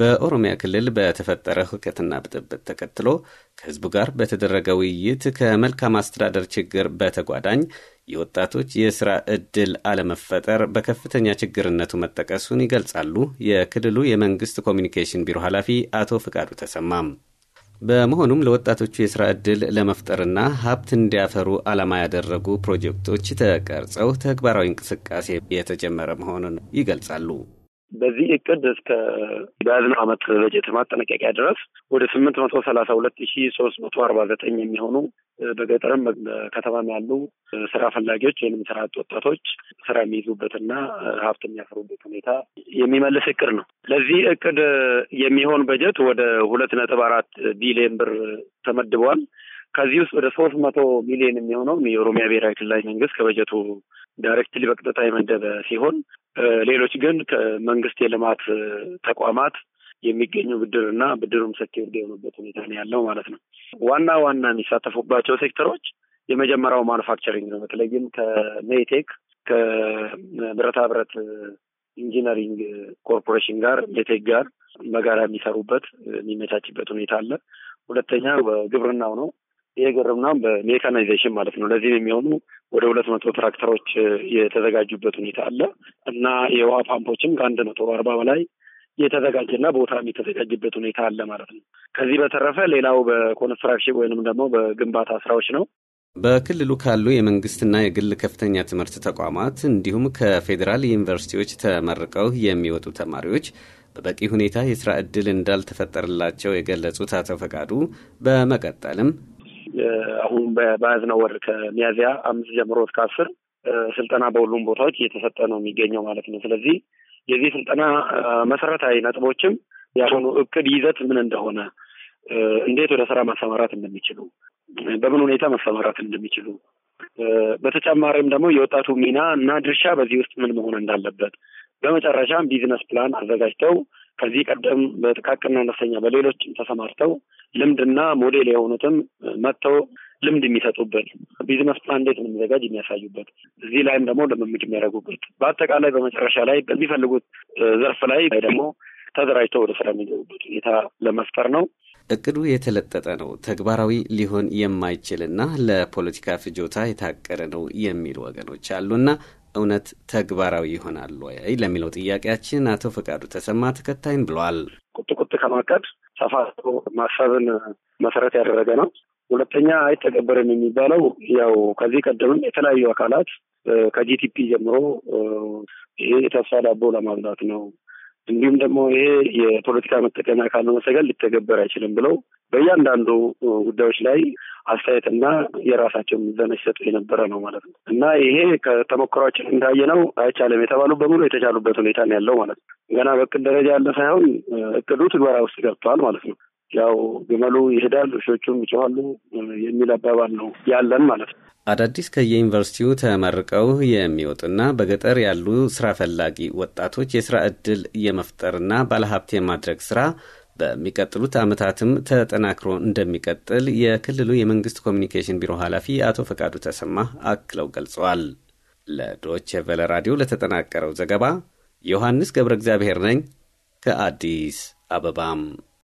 በኦሮሚያ ክልል በተፈጠረ ሁከትና ብጥብጥ ተከትሎ ከህዝቡ ጋር በተደረገ ውይይት ከመልካም አስተዳደር ችግር በተጓዳኝ የወጣቶች የስራ ዕድል አለመፈጠር በከፍተኛ ችግርነቱ መጠቀሱን ይገልጻሉ የክልሉ የመንግስት ኮሚኒኬሽን ቢሮ ኃላፊ አቶ ፍቃዱ ተሰማም። በመሆኑም ለወጣቶቹ የስራ ዕድል ለመፍጠርና ሀብት እንዲያፈሩ ዓላማ ያደረጉ ፕሮጀክቶች ተቀርጸው ተግባራዊ እንቅስቃሴ የተጀመረ መሆኑን ይገልጻሉ። በዚህ እቅድ እስከ በያዝነው ዓመት በጀት ማጠናቀቂያ ድረስ ወደ ስምንት መቶ ሰላሳ ሁለት ሺ ሶስት መቶ አርባ ዘጠኝ የሚሆኑ በገጠርም በከተማም ያሉ ስራ ፈላጊዎች ወይም ስራ አጥ ወጣቶች ስራ የሚይዙበትና ሀብት የሚያፈሩበት ሁኔታ የሚመልስ እቅድ ነው። ለዚህ እቅድ የሚሆን በጀት ወደ ሁለት ነጥብ አራት ቢሊዮን ብር ተመድበዋል። ከዚህ ውስጥ ወደ ሶስት መቶ ሚሊዮን የሚሆነው የኦሮሚያ ብሔራዊ ክልላዊ መንግስት ከበጀቱ ዳይሬክትሊ በቀጥታ የመደበ ሲሆን ሌሎች ግን ከመንግስት የልማት ተቋማት የሚገኙ ብድርና ብድሩም ሴኪውርድ የሆኑበት ሁኔታ ነው ያለው ማለት ነው። ዋና ዋና የሚሳተፉባቸው ሴክተሮች የመጀመሪያው ማኑፋክቸሪንግ ነው። በተለይም ከሜቴክ ከብረታ ብረት ኢንጂነሪንግ ኮርፖሬሽን ጋር ሜቴክ ጋር በጋራ የሚሰሩበት የሚመቻችበት ሁኔታ አለ። ሁለተኛ በግብርናው ነው። ይህ ግብርናም በሜካናይዜሽን ማለት ነው። ለዚህም የሚሆኑ ወደ ሁለት መቶ ትራክተሮች የተዘጋጁበት ሁኔታ አለ እና የውሃ ፓምፖችም ከአንድ መቶ አርባ በላይ የተዘጋጀና ቦታ የተዘጋጀበት ሁኔታ አለ ማለት ነው። ከዚህ በተረፈ ሌላው በኮንስትራክሽን ወይንም ደግሞ በግንባታ ስራዎች ነው። በክልሉ ካሉ የመንግስትና የግል ከፍተኛ ትምህርት ተቋማት እንዲሁም ከፌዴራል ዩኒቨርሲቲዎች ተመርቀው የሚወጡ ተማሪዎች በበቂ ሁኔታ የስራ ዕድል እንዳልተፈጠርላቸው የገለጹት አቶ ፈቃዱ በመቀጠልም አሁን በያዝነው ወር ከሚያዝያ አምስት ጀምሮ እስከ አስር ስልጠና በሁሉም ቦታዎች እየተሰጠ ነው የሚገኘው ማለት ነው። ስለዚህ የዚህ ስልጠና መሰረታዊ ነጥቦችም የአሁኑ እቅድ ይዘት ምን እንደሆነ፣ እንዴት ወደ ስራ ማሰማራት እንደሚችሉ፣ በምን ሁኔታ ማሰማራት እንደሚችሉ፣ በተጨማሪም ደግሞ የወጣቱ ሚና እና ድርሻ በዚህ ውስጥ ምን መሆን እንዳለበት፣ በመጨረሻም ቢዝነስ ፕላን አዘጋጅተው ከዚህ ቀደም በጥቃቅንና አነስተኛ በሌሎችም ተሰማርተው ልምድና ሞዴል የሆኑትም መጥተው ልምድ የሚሰጡበት ቢዝነስ ፕላን እንዴት እንደሚዘጋጅ የሚያሳዩበት እዚህ ላይም ደግሞ ልምምድ የሚያደርጉበት በአጠቃላይ በመጨረሻ ላይ በሚፈልጉት ዘርፍ ላይ ደግሞ ተደራጅተው ወደ ስራ የሚገቡበት ሁኔታ ለመፍጠር ነው። እቅዱ የተለጠጠ ነው፣ ተግባራዊ ሊሆን የማይችልና ለፖለቲካ ፍጆታ የታቀረ ነው የሚሉ ወገኖች አሉና እውነት ተግባራዊ ይሆናል ወይ ለሚለው ጥያቄያችን አቶ ፈቃዱ ተሰማ ተከታይን ብለዋል። ቁጥ ቁጥ ከማቀድ ሰፋ ማሰብን መሰረት ያደረገ ነው። ሁለተኛ አይተገበርም የሚባለው ያው ከዚህ ቀደምም የተለያዩ አካላት ከጂቲፒ ጀምሮ ይሄ የተስፋ ዳቦ ለማብላት ነው እንዲሁም ደግሞ ይሄ የፖለቲካ መጠቀሚያ ካልሆነ ሰገን ሊተገበር አይችልም ብለው በእያንዳንዱ ጉዳዮች ላይ አስተያየትና የራሳቸው ምዘና ሲሰጡ የነበረ ነው ማለት ነው እና ይሄ ከተሞክሯችን ነው አይቻልም የተባሉ በሙሉ የተቻሉበት ሁኔታ ነው ያለው ማለት ነው። ገና በእቅድ ደረጃ ያለ ሳይሆን እቅዱ ትግበራ ውስጥ ገብተዋል ማለት ነው። ያው ግመሉ ይሄዳል ውሾቹም ይጮኋሉ የሚል አባባል ነው ያለን ማለት ነው። አዳዲስ ከየዩኒቨርሲቲው ተመርቀው የሚወጡና በገጠር ያሉ ስራ ፈላጊ ወጣቶች የስራ እድል የመፍጠርና ባለሀብት የማድረግ ስራ በሚቀጥሉት ዓመታትም ተጠናክሮ እንደሚቀጥል የክልሉ የመንግስት ኮሚኒኬሽን ቢሮ ኃላፊ አቶ ፈቃዱ ተሰማ አክለው ገልጸዋል። ለዶች ቨለ ራዲዮ ለተጠናቀረው ዘገባ ዮሐንስ ገብረ እግዚአብሔር ነኝ ከአዲስ አበባም